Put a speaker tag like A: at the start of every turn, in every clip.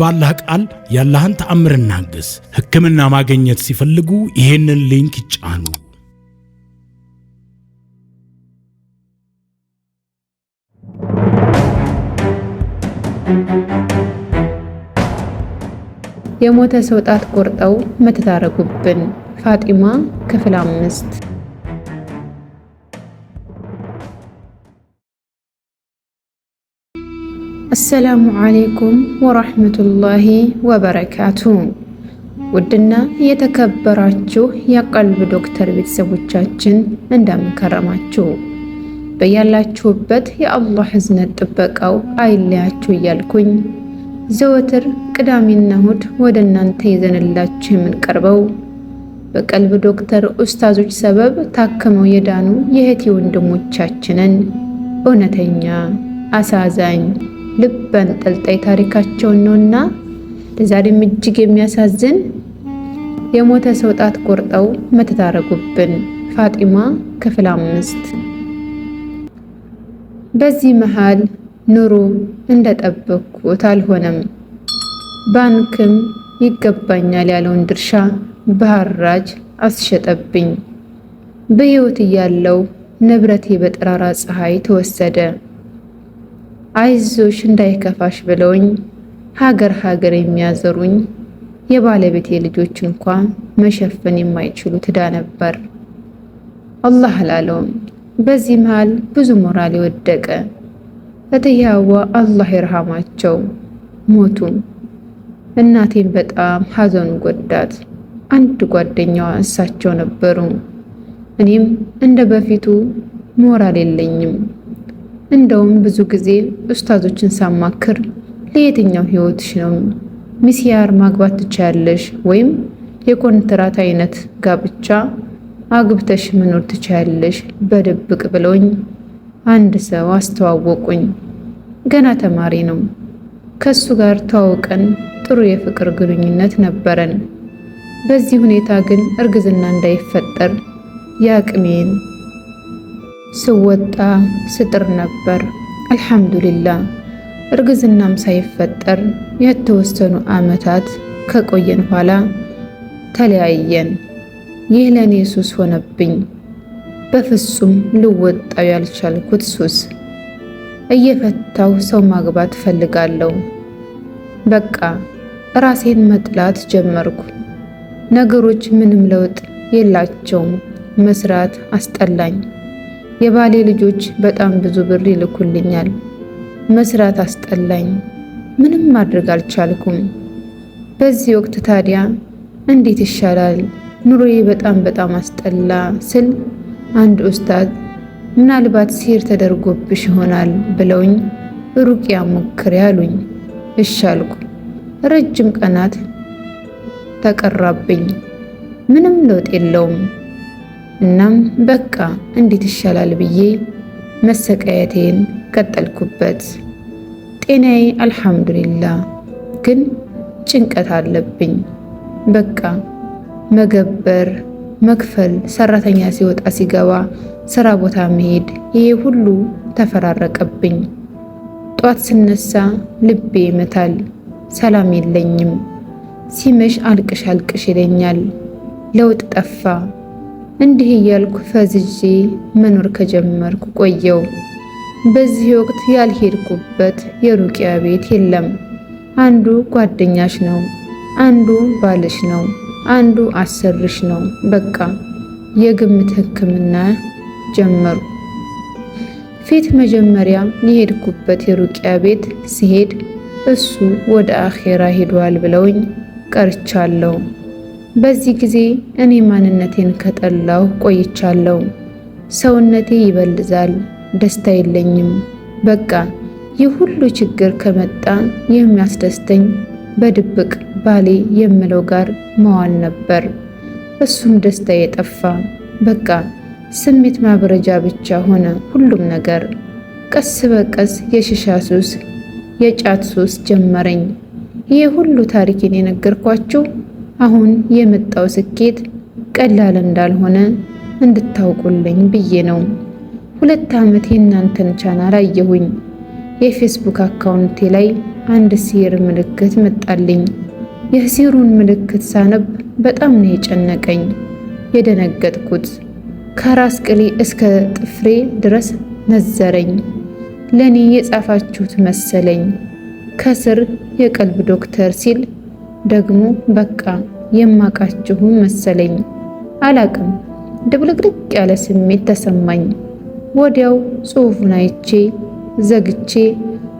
A: ባላህ ቃል ያላህን ተአምር እናግስ። ሕክምና ማግኘት ሲፈልጉ ይሄንን ሊንክ ይጫኑ።
B: የሞተ ሰው ጣት ቆርጠው መተት ፋጢማ ክፍል አምስት አሰላሙ ዓለይኩም ወራህመቱላሂ ወበረካቱ። ውድና የተከበራችሁ የቀልብ ዶክተር ቤተሰቦቻችን እንደምንከረማችሁ በያላችሁበት የአላህ ሕዝነት ጥበቃው አይለያችሁ እያልኩኝ ዘወትር ቅዳሜና እሁድ ወደ እናንተ ይዘንላችሁ የምንቀርበው በቀልብ ዶክተር ኡስታዞች ሰበብ ታክመው የዳኑ የእህቴ ወንድሞቻችንን እውነተኛ አሳዛኝ ልብ አንጠልጣይ ታሪካቸውን ነውና ለዛሬም እጅግ የሚያሳዝን የሞተ ሰው ጣት ቆርጠው መተታረጉብን ፋጢማ ክፍል አምስት። በዚህ መሃል ኑሮ እንደጠበኩት አልሆነም። ባንክም ይገባኛል ያለውን ድርሻ በሐራጅ አስሸጠብኝ። በሕይወት እያለው ንብረቴ በጠራራ ፀሐይ ተወሰደ። አይዞሽ እንዳይከፋሽ ብለውኝ ሀገር ሀገር የሚያዘሩኝ የባለቤቴ ልጆች እንኳ መሸፈን የማይችሉ ትዳ ነበር። አላህ አላለውም። በዚህ መሃል ብዙ ሞራል የወደቀ እትያዋ አላህ ይርሃማቸው ሞቱ። እናቴን በጣም ሀዘኑ ጎዳት። አንድ ጓደኛዋ እሳቸው ነበሩ። እኔም እንደ በፊቱ ሞራል የለኝም። እንደውም ብዙ ጊዜ ኡስታዞችን ሳማክር ለየትኛው ህይወትሽ ነው ሚስያር ማግባት ትችያለሽ ወይም የኮንትራት አይነት ጋብቻ አግብተሽ መኖር ትቻለሽ በድብቅ ብለውኝ አንድ ሰው አስተዋወቁኝ። ገና ተማሪ ነው። ከሱ ጋር ተዋውቀን ጥሩ የፍቅር ግንኙነት ነበረን። በዚህ ሁኔታ ግን እርግዝና እንዳይፈጠር የአቅሜን ስወጣ ስጥር ነበር። አልሐምዱሊላ! እርግዝናም ሳይፈጠር የተወሰኑ ዓመታት ከቆየን ኋላ ተለያየን። ይህ ለእኔ ሱስ ሆነብኝ። በፍጹም ልወጣው ያልቻልኩት ሱስ እየፈታው ሰው ማግባት ፈልጋለሁ። በቃ ራሴን መጥላት ጀመርኩ። ነገሮች ምንም ለውጥ የላቸውም። መስራት አስጠላኝ። የባሌ ልጆች በጣም ብዙ ብር ይልኩልኛል። መስራት አስጠላኝ። ምንም ማድረግ አልቻልኩም። በዚህ ወቅት ታዲያ እንዴት ይሻላል? ኑሮዬ በጣም በጣም አስጠላ ስል አንድ ኡስታዝ ምናልባት ሲር ተደርጎብሽ ይሆናል ብለውኝ ሩቅያ ሞክሪ አሉኝ። እሻልኩ ረጅም ቀናት ተቀራብኝ። ምንም ለውጥ የለውም። እናም በቃ እንዴት ይሻላል ብዬ መሰቃየቴን ቀጠልኩበት። ጤናዬ አልሐምዱሊላ፣ ግን ጭንቀት አለብኝ። በቃ መገበር፣ መክፈል፣ ሰራተኛ ሲወጣ ሲገባ፣ ስራ ቦታ መሄድ፣ ይሄ ሁሉ ተፈራረቀብኝ። ጧት ስነሳ ልቤ ይመታል፣ ሰላም የለኝም። ሲመሽ አልቅሽ አልቅሽ ይለኛል። ለውጥ ጠፋ። እንዲህ እያልኩ ፈዝዤ መኖር ከጀመርኩ ቆየው። በዚህ ወቅት ያልሄድኩበት የሩቅያ ቤት የለም። አንዱ ጓደኛሽ ነው፣ አንዱ ባልሽ ነው፣ አንዱ አሰርሽ ነው። በቃ የግምት ሕክምና ጀመሩ። ፊት መጀመሪያ የሄድኩበት የሩቅያ ቤት ሲሄድ እሱ ወደ አኼራ ሄዷል ብለውኝ ቀርቻለሁ። በዚህ ጊዜ እኔ ማንነቴን ከጠላሁ ቆይቻለሁ። ሰውነቴ ይበልዛል፣ ደስታ የለኝም። በቃ ይህ ሁሉ ችግር ከመጣ የሚያስደስተኝ በድብቅ ባሌ የምለው ጋር መዋል ነበር። እሱም ደስታ የጠፋ በቃ ስሜት ማብረጃ ብቻ ሆነ ሁሉም ነገር። ቀስ በቀስ የሽሻ ሱስ፣ የጫት ሱስ ጀመረኝ። ይህ ሁሉ ታሪኬን የነገርኳችሁ አሁን የመጣው ስኬት ቀላል እንዳልሆነ እንድታውቁልኝ ብዬ ነው። ሁለት ዓመት የእናንተን ቻናል አየሁኝ። የፌስቡክ አካውንቴ ላይ አንድ ሲር ምልክት መጣልኝ። የሲሩን ምልክት ሳነብ በጣም ነው የጨነቀኝ የደነገጥኩት። ከራስ ቅሌ እስከ ጥፍሬ ድረስ ነዘረኝ። ለኔ የጻፋችሁት መሰለኝ። ከስር የቀልብ ዶክተር ሲል ደግሞ በቃ የማቃችሁ መሰለኝ አላቅም። ድብልቅልቅ ያለ ስሜት ተሰማኝ። ወዲያው ጽሑፉን አይቼ ዘግቼ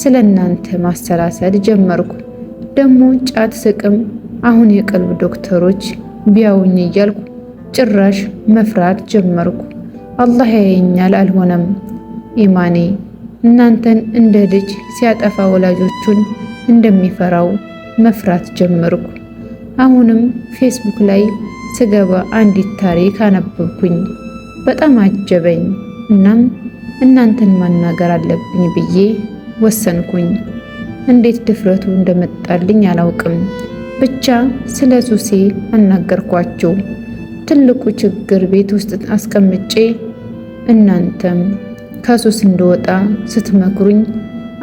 B: ስለ እናንተ ማሰላሰል ጀመርኩ። ደግሞ ጫት ስቅም አሁን የቀልብ ዶክተሮች ቢያውኝ እያልኩ ጭራሽ መፍራት ጀመርኩ። አላህ ያየኛል አልሆነም ኢማኔ እናንተን እንደ ልጅ ሲያጠፋ ወላጆቹን እንደሚፈራው መፍራት ጀመርኩ። አሁንም ፌስቡክ ላይ ስገባ አንዲት ታሪክ አነበብኩኝ። በጣም አጀበኝ። እናም እናንተን ማናገር አለብኝ ብዬ ወሰንኩኝ። እንዴት ድፍረቱ እንደመጣልኝ አላውቅም። ብቻ ስለ ሱሴ አናገርኳቸው። ትልቁ ችግር ቤት ውስጥ አስቀምጬ እናንተም ከሱስ እንደወጣ ስትመክሩኝ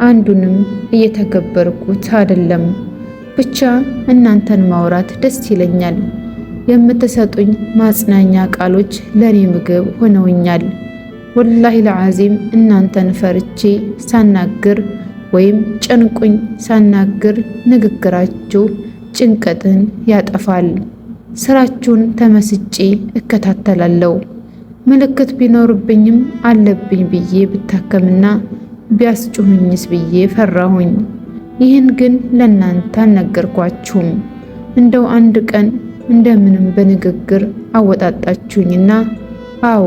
B: አንዱንም እየተገበርኩት አይደለም። ብቻ እናንተን ማውራት ደስ ይለኛል። የምትሰጡኝ ማጽናኛ ቃሎች ለእኔ ምግብ ሆነውኛል። ወላሂ ለዓዚም እናንተን ፈርቼ ሳናግር ወይም ጨንቁኝ ሳናግር ንግግራችሁ ጭንቀትን ያጠፋል። ስራችሁን ተመስጬ እከታተላለሁ። ምልክት ቢኖርብኝም አለብኝ ብዬ ብታከምና ቢያስጩኸኝስ ብዬ ፈራሁኝ። ይህን ግን ለእናንተ አልነገርኳችሁም። እንደው አንድ ቀን እንደምንም በንግግር አወጣጣችሁኝና አዎ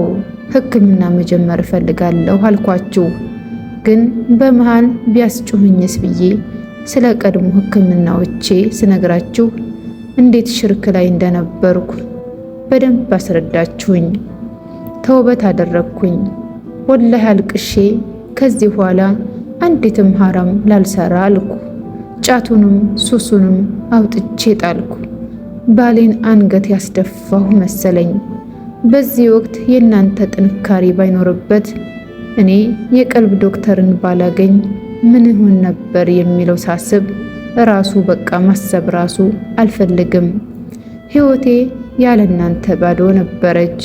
B: ሕክምና መጀመር እፈልጋለሁ አልኳችሁ። ግን በመሃል ቢያስጩሁኝስ ብዬ ስለ ቀድሞ ሕክምናዎቼ ስነግራችሁ እንዴት ሽርክ ላይ እንደነበርኩ በደንብ አስረዳችሁኝ። ተውበት አደረግኩኝ። ወላህ አልቅሼ ከዚህ በኋላ አንዲትም ሐራም ላልሰራ አልኩ። ጫቱንም ሱሱንም አውጥቼ ጣልኩ። ባሌን አንገት ያስደፋሁ መሰለኝ። በዚህ ወቅት የእናንተ ጥንካሬ ባይኖርበት እኔ የቀልብ ዶክተርን ባላገኝ ምን ይሆን ነበር የሚለው ሳስብ ራሱ በቃ ማሰብ ራሱ አልፈልግም። ህይወቴ ያለ እናንተ ባዶ ነበረች።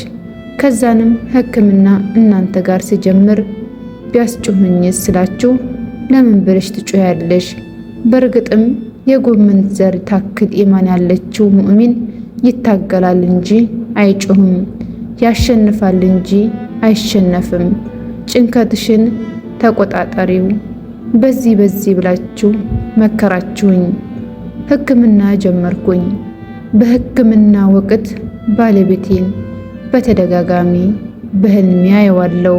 B: ከዛንም ሕክምና እናንተ ጋር ስጀምር ቢያስጮኸኝስ ስላችሁ ለምን ብለሽ ትጮያለሽ? በእርግጥም የጎመን ዘር ታክል ኢማን ያለችው ሙእሚን ይታገላል እንጂ አይጮህም፣ ያሸንፋል እንጂ አይሸነፍም። ጭንከትሽን ተቆጣጠሪው። በዚህ በዚህ ብላችሁ መከራችሁኝ። ሕክምና ጀመርኩኝ። በሕክምና ወቅት ባለቤቴን በተደጋጋሚ በህልሜ አየዋለሁ።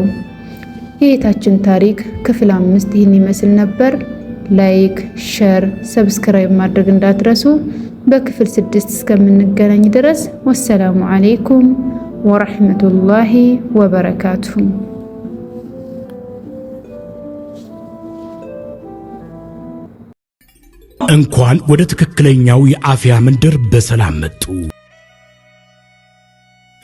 B: የየታችን ታሪክ ክፍል አምስት ይህን ይመስል ነበር። ላይክ፣ ሸር፣ ሰብስክራይብ ማድረግ እንዳትረሱ። በክፍል ስድስት እስከምንገናኝ ድረስ ወሰላሙ አሌይኩም ወረሕመቱላሂ ወበረካቱሁ።
A: እንኳን ወደ ትክክለኛው የአፍያ መንደር በሰላም መጡ።